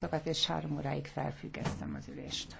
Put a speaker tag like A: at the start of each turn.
A: szavát, és három óráig felfüggesztem az ülést.